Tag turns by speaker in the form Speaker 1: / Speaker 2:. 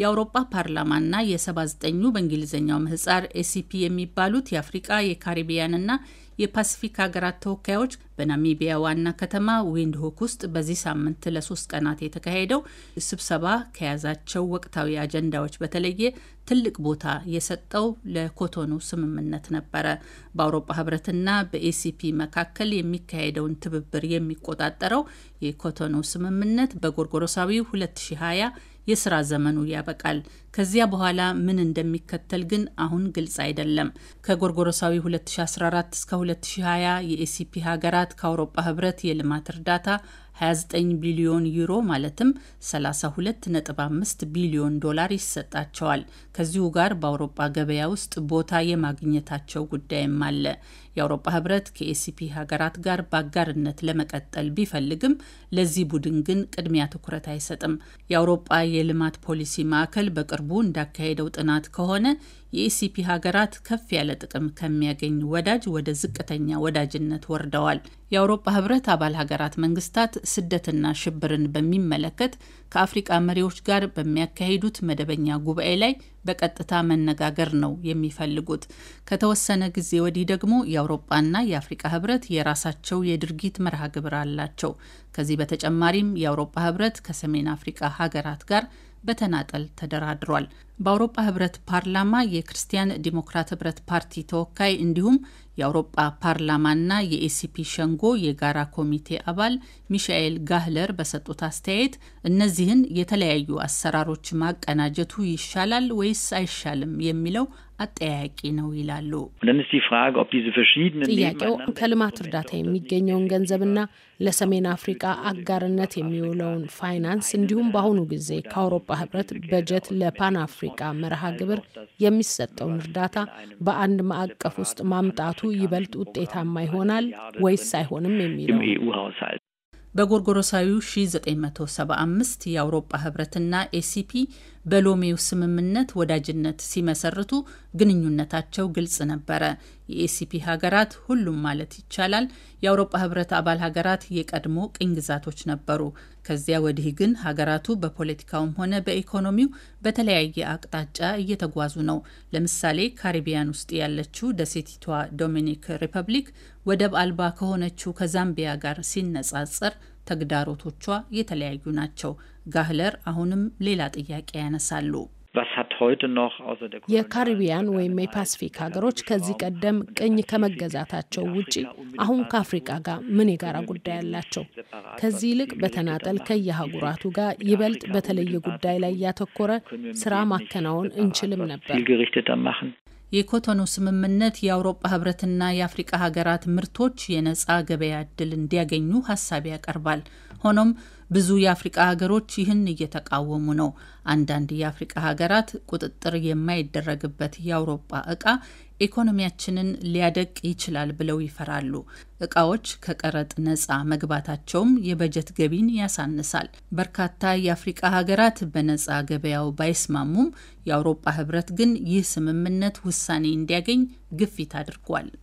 Speaker 1: የአውሮፓ ፓርላማና የ79ኙ በእንግሊዝኛው ምህጻር ኤሲፒ የሚባሉት የአፍሪቃ የካሪቢያንና የፓሲፊክ ሀገራት ተወካዮች በናሚቢያ ዋና ከተማ ዊንድሆክ ውስጥ በዚህ ሳምንት ለሶስት ቀናት የተካሄደው ስብሰባ ከያዛቸው ወቅታዊ አጀንዳዎች በተለየ ትልቅ ቦታ የሰጠው ለኮቶኑ ስምምነት ነበረ። በአውሮፓ ህብረትና በኤሲፒ መካከል የሚካሄደውን ትብብር የሚቆጣጠረው የኮቶኑ ስምምነት በጎርጎሮሳዊ 2020 የስራ ዘመኑ ያበቃል። ከዚያ በኋላ ምን እንደሚከተል ግን አሁን ግልጽ አይደለም። ከጎርጎሮሳዊ 2014 እስከ 2020 የኤሲፒ ሀገራት ከአውሮፓ ህብረት የልማት እርዳታ 29 ቢሊዮን ዩሮ ማለትም 32.5 ቢሊዮን ዶላር ይሰጣቸዋል። ከዚሁ ጋር በአውሮጳ ገበያ ውስጥ ቦታ የማግኘታቸው ጉዳይም አለ። የአውሮፓ ህብረት ከኤሲፒ ሀገራት ጋር በአጋርነት ለመቀጠል ቢፈልግም ለዚህ ቡድን ግን ቅድሚያ ትኩረት አይሰጥም። የአውሮጳ የልማት ፖሊሲ ማዕከል በቅርቡ እንዳካሄደው ጥናት ከሆነ የኤሲፒ ሀገራት ከፍ ያለ ጥቅም ከሚያገኝ ወዳጅ ወደ ዝቅተኛ ወዳጅነት ወርደዋል። የአውሮፓ ህብረት አባል ሀገራት መንግስታት ስደትና ሽብርን በሚመለከት ከአፍሪቃ መሪዎች ጋር በሚያካሂዱት መደበኛ ጉባኤ ላይ በቀጥታ መነጋገር ነው የሚፈልጉት። ከተወሰነ ጊዜ ወዲህ ደግሞ የአውሮፓና የአፍሪቃ ህብረት የራሳቸው የድርጊት መርሃ ግብር አላቸው። ከዚህ በተጨማሪም የአውሮፓ ህብረት ከሰሜን አፍሪቃ ሀገራት ጋር በተናጠል ተደራድሯል። በአውሮጳ ህብረት ፓርላማ የክርስቲያን ዲሞክራት ህብረት ፓርቲ ተወካይ እንዲሁም የአውሮጳ ፓርላማና የኤሲፒ ሸንጎ የጋራ ኮሚቴ አባል ሚሻኤል ጋህለር በሰጡት አስተያየት እነዚህን የተለያዩ አሰራሮች ማቀናጀቱ ይሻላል ወይስ አይሻልም የሚለው አጠያቂ ነው ይላሉ። ጥያቄው
Speaker 2: ከልማት እርዳታ የሚገኘውን ገንዘብና ለሰሜን አፍሪቃ አጋርነት የሚውለውን ፋይናንስ እንዲሁም በአሁኑ ጊዜ ከአውሮፓ ህብረት በጀት ለፓን አፍሪቃ መርሃ ግብር የሚሰጠውን እርዳታ በአንድ ማዕቀፍ ውስጥ ማምጣቱ ይበልጥ ውጤታማ ይሆናል ወይስ አይሆንም የሚለው
Speaker 1: በጎርጎሮሳዊው 1975 የአውሮፓ ህብረትና ኤሲፒ በሎሜው ስምምነት ወዳጅነት ሲመሰርቱ ግንኙነታቸው ግልጽ ነበረ። የኤሲፒ ሀገራት ሁሉም ማለት ይቻላል የአውሮፓ ህብረት አባል ሀገራት የቀድሞ ቅኝ ግዛቶች ነበሩ። ከዚያ ወዲህ ግን ሀገራቱ በፖለቲካውም ሆነ በኢኮኖሚው በተለያየ አቅጣጫ እየተጓዙ ነው። ለምሳሌ ካሪቢያን ውስጥ ያለችው ደሴቲቷ ዶሚኒክ ሪፐብሊክ ወደብ አልባ ከሆነችው ከዛምቢያ ጋር ሲነጻጸር ተግዳሮቶቿ የተለያዩ ናቸው። ጋህለር አሁንም ሌላ ጥያቄ ያነሳሉ።
Speaker 2: የካሪቢያን ወይም የፓስፊክ ሀገሮች ከዚህ ቀደም ቅኝ ከመገዛታቸው ውጪ አሁን ከአፍሪቃ ጋር ምን የጋራ ጉዳይ አላቸው? ከዚህ ይልቅ በተናጠል ከየአህጉራቱ ጋር ይበልጥ በተለየ ጉዳይ ላይ ያተኮረ ስራ ማከናወን እንችልም ነበር። የኮቶኑ ስምምነት የአውሮፓ
Speaker 1: ህብረትና የአፍሪቃ ሀገራት ምርቶች የነፃ ገበያ እድል እንዲያገኙ ሀሳብ ያቀርባል። ሆኖም ብዙ የአፍሪቃ ሀገሮች ይህን እየተቃወሙ ነው። አንዳንድ የአፍሪቃ ሀገራት ቁጥጥር የማይደረግበት የአውሮፓ እቃ ኢኮኖሚያችንን ሊያደቅ ይችላል ብለው ይፈራሉ። እቃዎች ከቀረጥ ነጻ መግባታቸውም የበጀት ገቢን ያሳንሳል። በርካታ የአፍሪቃ ሀገራት በነጻ ገበያው ባይስማሙም የአውሮፓ ህብረት ግን ይህ ስምምነት ውሳኔ እንዲያገኝ ግፊት አድርጓል።